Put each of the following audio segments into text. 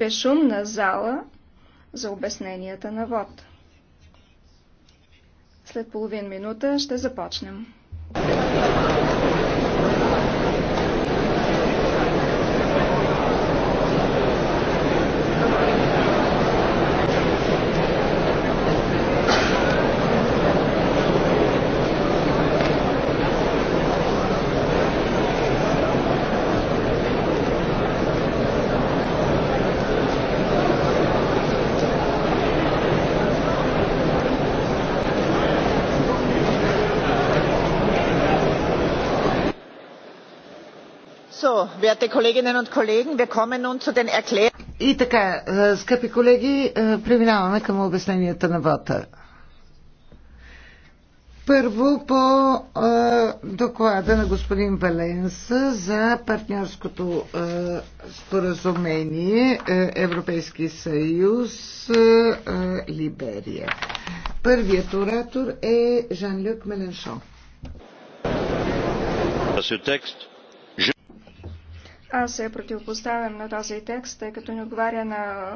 безшумна зала за обясненията на вод. След половин минута ще започнем. И така, е, скъпи колеги, е, преминаваме към обясненията на вота. Първо по е, доклада на господин Валенс за партньорското е, споразумение е, Европейски съюз е, е Либерия. Първият оратор е Жан-Люк Меленшо. Текст аз се противопоставям на този текст, тъй като не отговаря на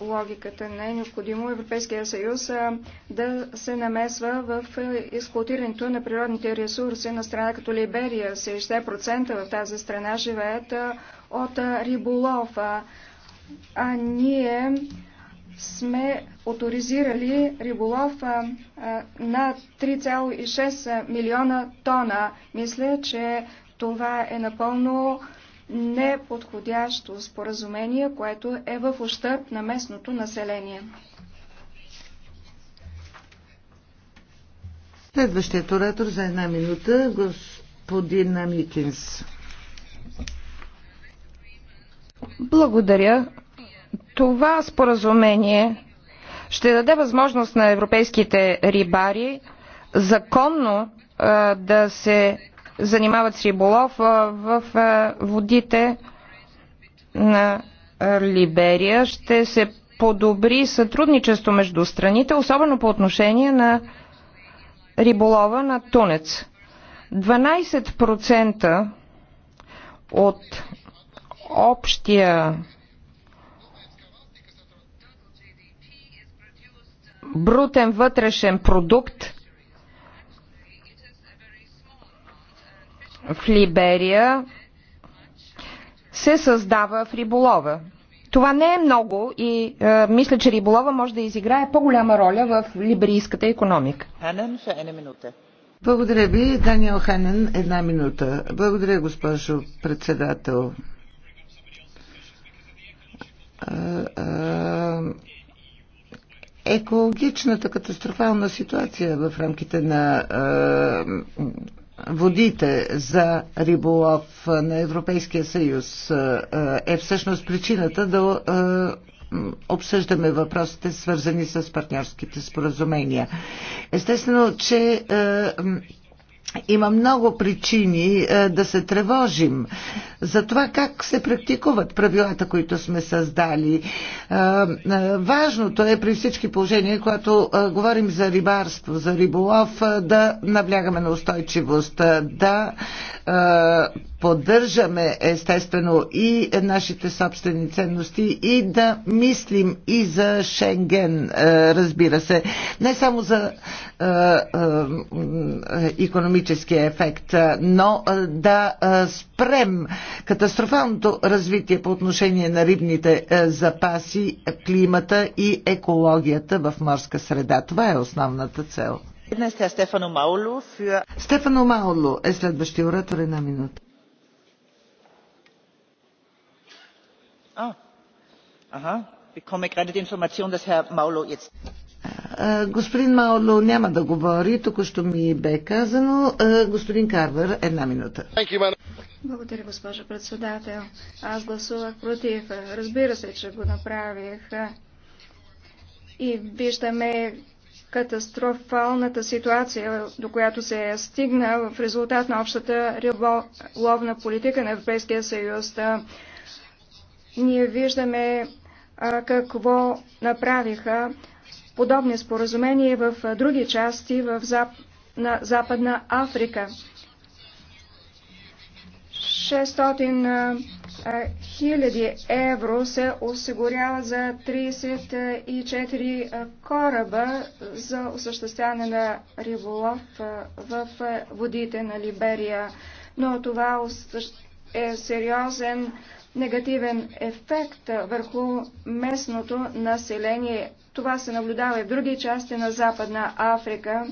логиката. Не е необходимо Европейския съюз да се намесва в изплутирането на природните ресурси на страна като Либерия. 60% в тази страна живеят от риболов. А ние сме авторизирали риболов на 3,6 милиона тона. Мисля, че това е напълно неподходящо споразумение, което е в ущърп на местното население. Следващият оратор за една минута, господин Микинс. Благодаря. Това споразумение ще даде възможност на европейските рибари законно а, да се занимават с риболов в водите на Либерия. Ще се подобри сътрудничество между страните, особено по отношение на риболова на тунец. 12% от общия брутен вътрешен продукт в Либерия се създава в риболова. Това не е много и е, мисля, че риболова може да изиграе по-голяма роля в либерийската економика. Ханен, една минута. Благодаря ви, Даниел Ханен, една минута. Благодаря, госпожо председател. Екологичната катастрофална ситуация в рамките на водите за риболов на Европейския съюз е, е всъщност причината да е, обсъждаме въпросите, свързани с партньорските споразумения. Естествено, че е, има много причини е, да се тревожим за това как се практикуват правилата, които сме създали. Е, е, важното е при всички положения, когато говорим за рибарство, за риболов, да наблягаме на устойчивост, да поддържаме естествено и нашите собствени ценности и да мислим и за Шенген, разбира се. Не само за економическите историческия ефект, но да спрем катастрофалното развитие по отношение на рибните запаси, климата и екологията в морска среда. Това е основната цел. Стефано Маоло е следващия оратор. Една минута. Ah. Aha. Ich bekomme gerade die Information, dass Herr Maulo jetzt. Господин Маоло няма да говори, току-що ми бе казано. Господин Карвер, една минута. Благодаря, госпожа председател. Аз гласувах против. Разбира се, че го направих. И виждаме катастрофалната ситуация, до която се е стигна в резултат на общата риболовна политика на Европейския съюз. Ние виждаме какво направиха подобни споразумения в други части в Зап... на Западна Африка. 600 хиляди евро се осигурява за 34 кораба за осъществяване на риболов в водите на Либерия. Но това е сериозен негативен ефект върху местното население. Това се наблюдава и в други части на Западна Африка.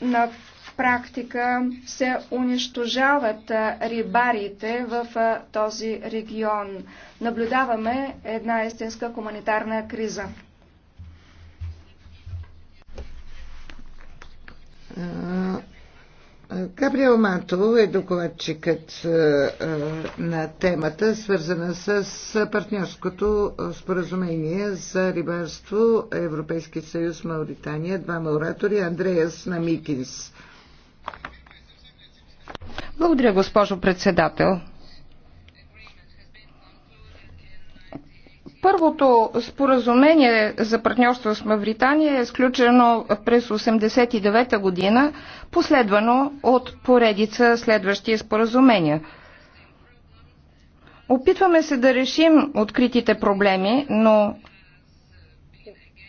На практика се унищожават рибарите в този регион. Наблюдаваме една истинска хуманитарна криза. Габриел Манто е докладчикът е, е, на темата, свързана с партньорското споразумение за рибарство Европейски съюз Мауритания. Двама оратори Андреас Намикинс. Благодаря, госпожо председател. Първото споразумение за партньорство с Мавритания е сключено през 1989 година, последвано от поредица следващи споразумения. Опитваме се да решим откритите проблеми, но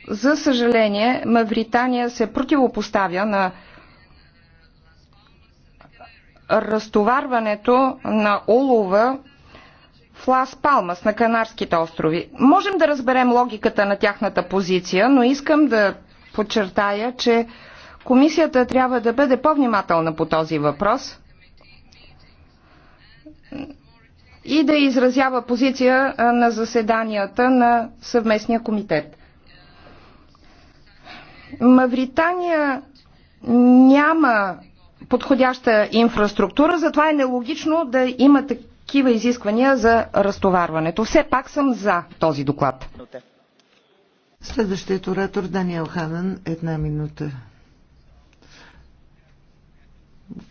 за съжаление Мавритания се противопоставя на разтоварването на олова Лас Палмас на Канарските острови. Можем да разберем логиката на тяхната позиция, но искам да подчертая, че комисията трябва да бъде по-внимателна по този въпрос и да изразява позиция на заседанията на съвместния комитет. Мавритания няма подходяща инфраструктура, затова е нелогично да има такива такива изисквания за разтоварването. Все пак съм за този доклад. Следващият оратор Даниел Ханан, една минута.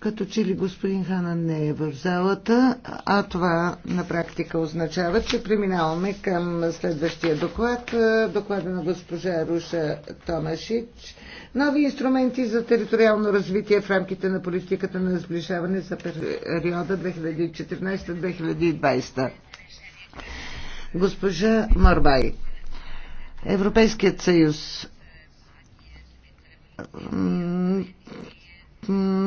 Като че ли господин Хана не е в залата, а това на практика означава, че преминаваме към следващия доклад. Доклада на госпожа Руша Томашич. Нови инструменти за териториално развитие в рамките на политиката на сближаване за периода 2014-2020. Госпожа Марбай. Европейският съюз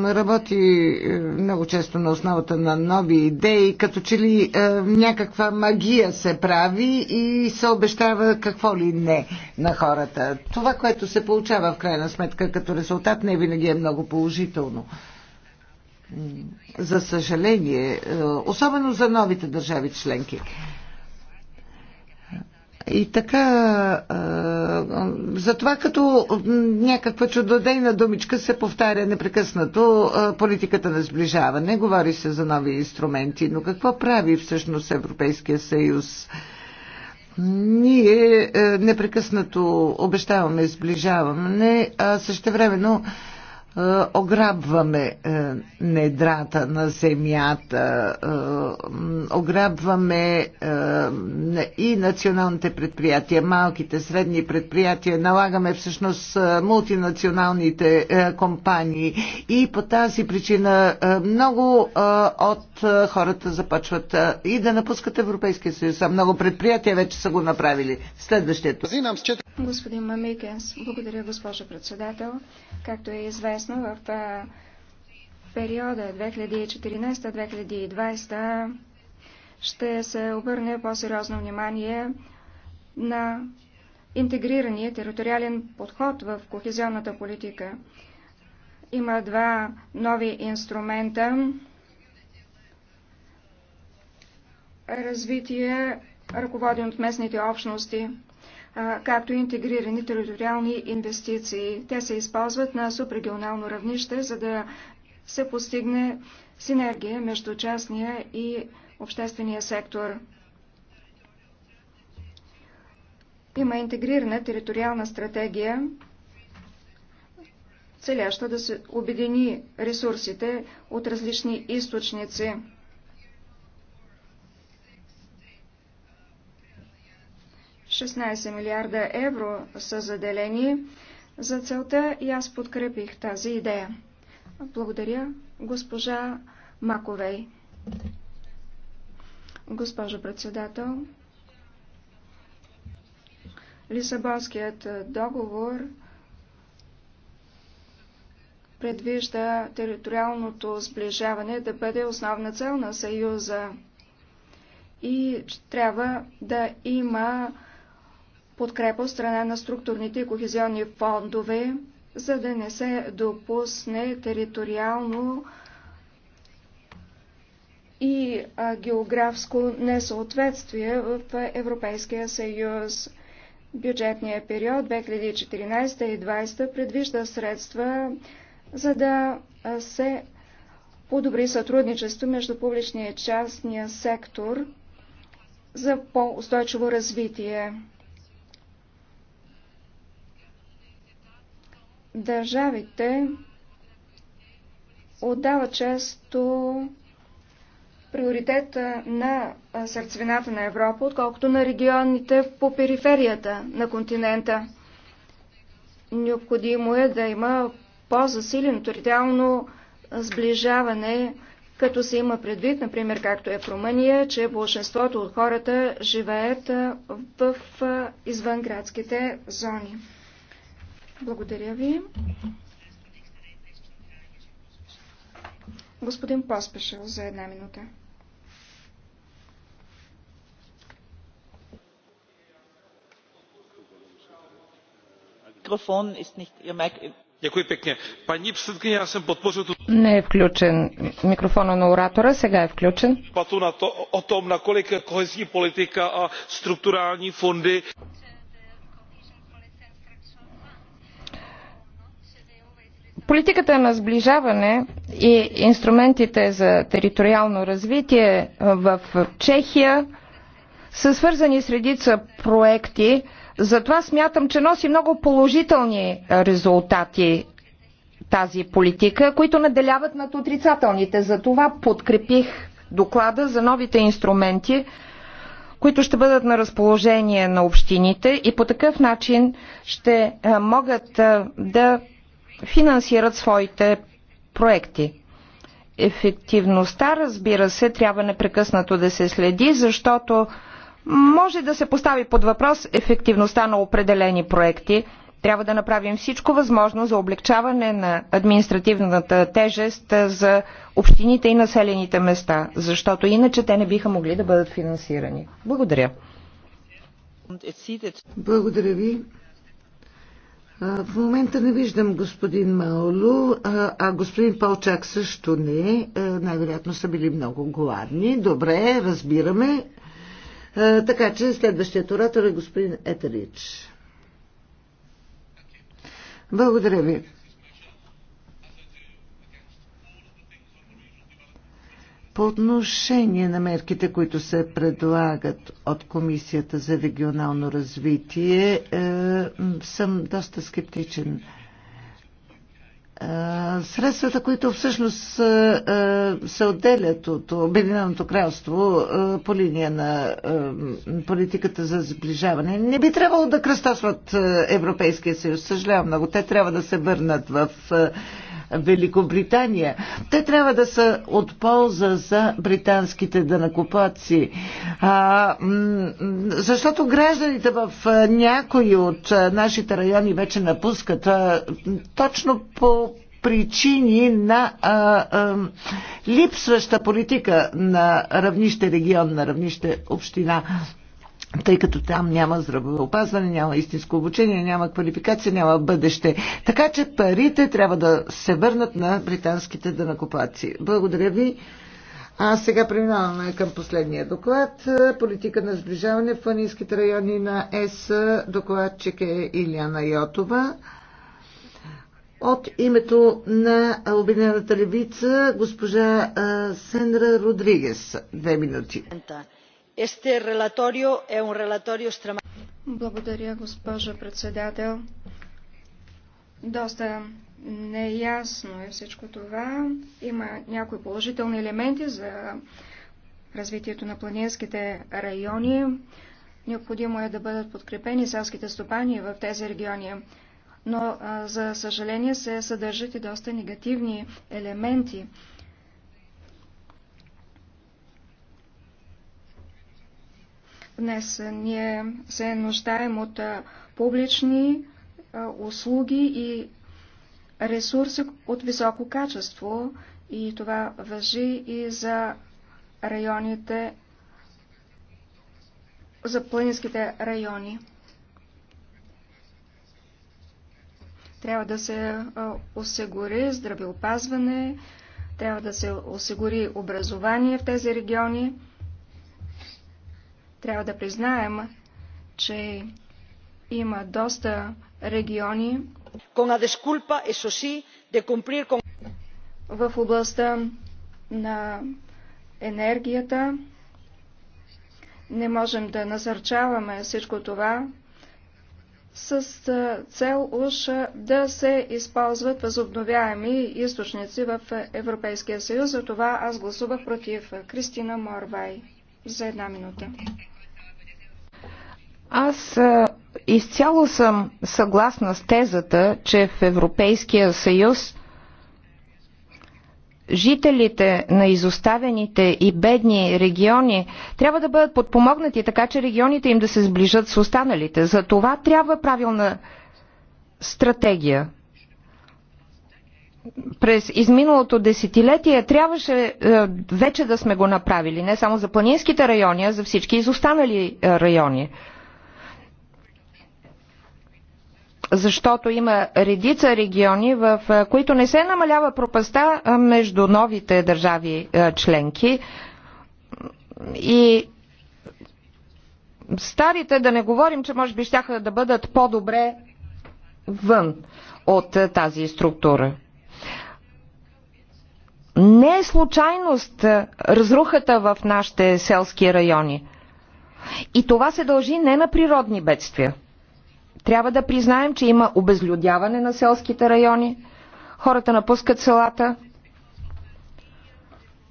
работи е, много често на основата на нови идеи, като че ли е, някаква магия се прави и се обещава какво ли не на хората. Това, което се получава в крайна сметка като резултат, не винаги е много положително. За съжаление, е, особено за новите държави членки. И така, затова като някаква чудодейна думичка се повтаря непрекъснато политиката на сближаване, говори се за нови инструменти, но какво прави всъщност Европейския съюз? Ние непрекъснато обещаваме сближаване, а същевременно времено е, ограбваме е, недрата на земята, е, ограбваме и националните предприятия, малките, средни предприятия, налагаме всъщност мултинационалните компании и по тази причина много от хората започват и да напускат Европейския съюз, а много предприятия вече са го направили. Следващето. Господин Мамикенс, благодаря госпожа председател. Както е известно, ясно в периода 2014-2020 ще се обърне по-сериозно внимание на интегрирания териториален подход в кохезионната политика. Има два нови инструмента. Развитие, ръководен от местните общности както и интегрирани териториални инвестиции. Те се използват на субрегионално равнище, за да се постигне синергия между частния и обществения сектор. Има интегрирана териториална стратегия, целяща да се обедини ресурсите от различни източници. 16 милиарда евро са заделени за целта и аз подкрепих тази идея. Благодаря, госпожа Маковей. Госпожо председател, Лисабонският договор предвижда териториалното сближаване да бъде основна цел на Съюза и трябва да има подкрепа от страна на структурните и кохезионни фондове, за да не се допусне териториално и географско несъответствие в Европейския съюз. Бюджетният период 2014 и 2020 предвижда средства, за да се подобри сътрудничество между публичния и частния сектор за по-устойчиво развитие. Държавите отдават често приоритета на сърцевината на Европа, отколкото на регионите по периферията на континента. Необходимо е да има по-засилено териториално сближаване, като се има предвид, например, както е в Румъния, че большинството от хората живеят в извънградските зони. Благодаря ви. Господин Паспешев, за една минута. Е Не е включен микрофона на оратора, сега е включен. Политиката на сближаване и инструментите за териториално развитие в Чехия са свързани с редица проекти. Затова смятам, че носи много положителни резултати тази политика, които наделяват над отрицателните. Затова подкрепих доклада за новите инструменти, които ще бъдат на разположение на общините и по такъв начин ще могат да финансират своите проекти. Ефективността, разбира се, трябва непрекъснато да се следи, защото може да се постави под въпрос ефективността на определени проекти. Трябва да направим всичко възможно за облегчаване на административната тежест за общините и населените места, защото иначе те не биха могли да бъдат финансирани. Благодаря. Благодаря ви. В момента не виждам господин Маолу, а господин Палчак също не. Е, най-вероятно са били много гладни. Добре, разбираме. Така че следващият оратор е господин Етерич. Благодаря ви. По отношение на мерките, които се предлагат от Комисията за регионално развитие, е, съм доста скептичен. Е, средствата, които всъщност е, се отделят от Обединеното кралство по линия на политиката за сближаване, не би трябвало да кръстосват Европейския съюз. Съжалявам много. Те трябва да се върнат в Великобритания. Те трябва да са от полза за британските А, Защото гражданите в някои от нашите райони вече напускат а, точно по причини на а, а, липсваща политика на равнище регион, на равнище община тъй като там няма здравеопазване, няма истинско обучение, няма квалификация, няма бъдеще. Така че парите трябва да се върнат на британските дънакоплаци. Благодаря ви. А сега преминаваме към последния доклад. Политика на сближаване в планинските райони на ЕС. Докладчик е Иляна Йотова. От името на Обединената левица госпожа Сенра Родригес. Две минути este relatorio es un relatorio Благодаря, госпожо председател. Доста неясно е всичко това. Има някои положителни елементи за развитието на планинските райони. Необходимо е да бъдат подкрепени селските стопани в тези региони. Но, за съжаление, се съдържат и доста негативни елементи. Днес ние се нуждаем от публични услуги и ресурси от високо качество и това въжи и за районите, за планинските райони. Трябва да се осигури здравеопазване, трябва да се осигури образование в тези региони. Трябва да признаем, че има доста региони в областта на енергията. Не можем да насърчаваме всичко това с цел уж да се използват възобновяеми източници в Европейския съюз. За това аз гласувах против Кристина Морвай за една минута. Аз е, изцяло съм съгласна с тезата, че в Европейския съюз жителите на изоставените и бедни региони трябва да бъдат подпомогнати, така че регионите им да се сближат с останалите. За това трябва правилна стратегия през изминалото десетилетие трябваше е, вече да сме го направили, не само за планинските райони, а за всички изостанали е, райони. Защото има редица региони, в е, които не се намалява пропаста между новите държави е, членки и старите, да не говорим, че може би щяха да бъдат по-добре вън от е, тази структура. Не е случайност е, разрухата в нашите селски райони. И това се дължи не на природни бедствия. Трябва да признаем, че има обезлюдяване на селските райони, хората напускат селата.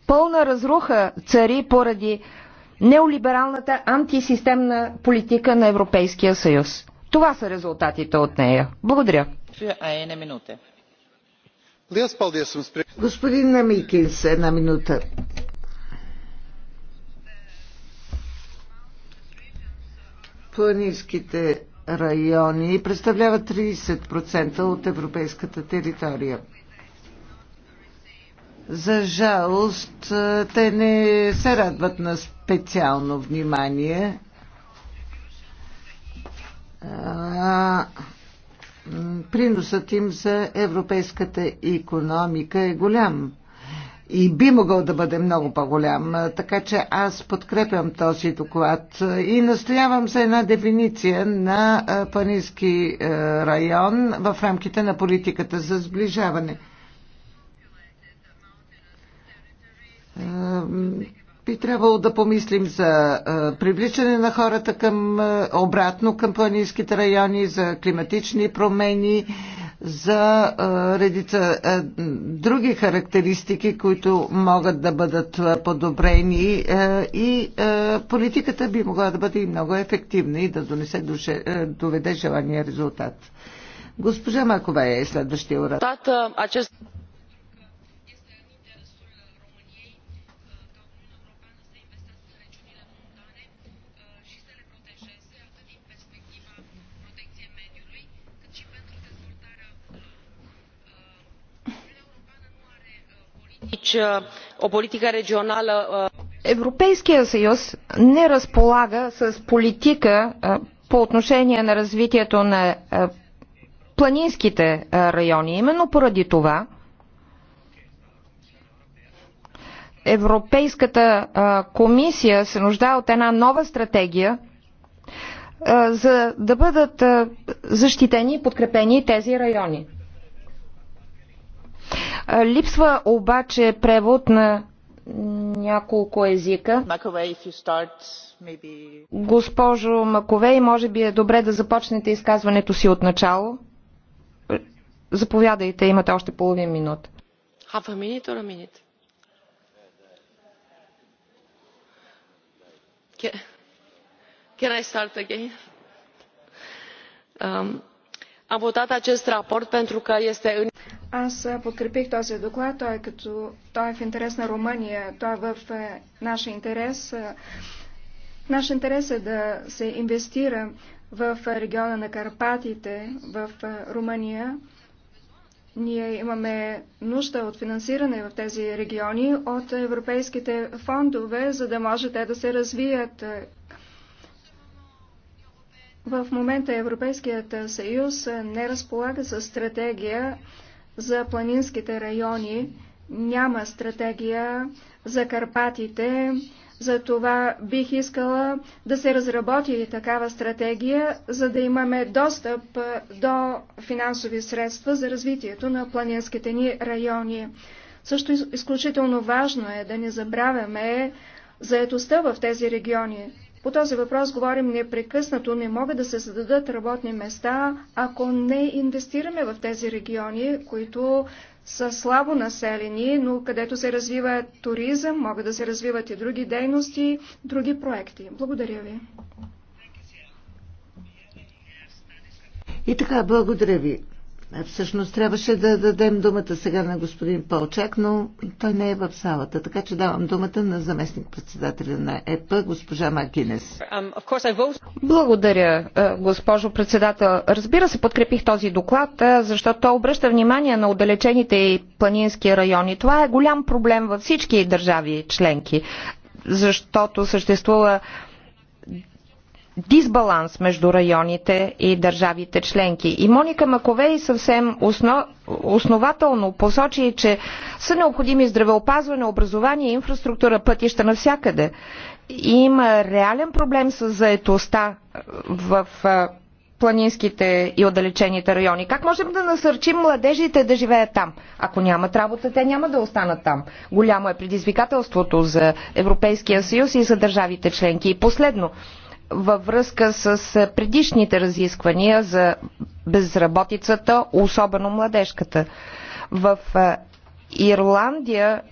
Пълна разруха цари поради неолибералната антисистемна политика на Европейския съюз. Това са резултатите от нея. Благодаря. Господин Микинс, една минута. Планинските райони представляват 30% от европейската територия. За жалост, те не се радват на специално внимание. А, приносът им за европейската економика е голям и би могъл да бъде много по-голям. Така че аз подкрепям този доклад и настоявам за една дефиниция на Панински район в рамките на политиката за сближаване би трябвало да помислим за привличане на хората към, обратно към планинските райони, за климатични промени, за редица други характеристики, които могат да бъдат подобрени и политиката би могла да бъде и много ефективна и да донесе, доведе желания резултат. Госпожа Макова е следващия урад. Uh, uh, Европейския съюз не разполага с политика uh, по отношение на развитието на планинските райони. Именно поради това Европейската комисия се нуждае от една нова стратегия, за да бъдат защитени и подкрепени тези райони. Липсва обаче превод на няколко езика. Госпожо Маковей, може би е добре да започнете изказването си от начало. Заповядайте, имате още половин минут. Half a minute or a minute? Can I start again? Um, am votat acest raport pentru că este în аз подкрепих този доклад. Той е, като... Той е в интерес на Румъния. Той е в наш интерес. Наш интерес е да се инвестира в региона на Карпатите, в Румъния. Ние имаме нужда от финансиране в тези региони от европейските фондове, за да може те да се развият. В момента Европейският съюз не разполага с стратегия за планинските райони, няма стратегия за Карпатите, за това бих искала да се разработи такава стратегия, за да имаме достъп до финансови средства за развитието на планинските ни райони. Също изключително важно е да не забравяме заетостта в тези региони. По този въпрос говорим непрекъснато. Не могат да се създадат работни места, ако не инвестираме в тези региони, които са слабо населени, но където се развива туризъм, могат да се развиват и други дейности, други проекти. Благодаря ви. И така, благодаря ви. Е, всъщност трябваше да дадем думата сега на господин Полчак, но той не е в салата, така че давам думата на заместник-председателя на ЕП, госпожа Макинес. Um, Благодаря, е, госпожо председател. Разбира се, подкрепих този доклад, е, защото той обръща внимание на отдалечените и планински райони. Това е голям проблем във всички държави членки, защото съществува дисбаланс между районите и държавите членки. И Моника Маковей съвсем основ... основателно посочи, че са необходими здравеопазване, образование, инфраструктура, пътища навсякъде. И има реален проблем с заетостта е, в е, планинските и отдалечените райони. Как можем да насърчим младежите да живеят там? Ако нямат работа, те няма да останат там. Голямо е предизвикателството за Европейския съюз и за държавите членки. И последно, във връзка с е, предишните разисквания за безработицата, особено младежката. В е, Ирландия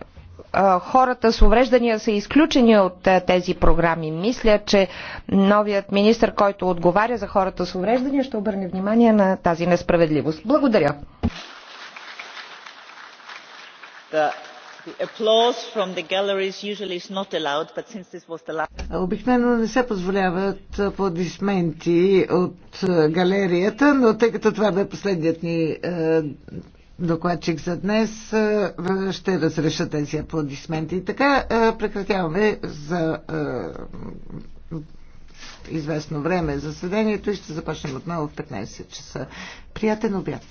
е, хората с увреждания са изключени от тези програми. Мисля, че новият министр, който отговаря за хората с увреждания, ще обърне внимание на тази несправедливост. Благодаря applause from the galleries usually is not allowed, but since this was the last... Обикновено не се позволяват аплодисменти от е, галерията, но тъй като това бе последният ни е, докладчик за днес, е, ще разреша тези аплодисменти. така прекратяваме за известно време заседанието и ще започнем отново в 15 часа. Приятен обяд!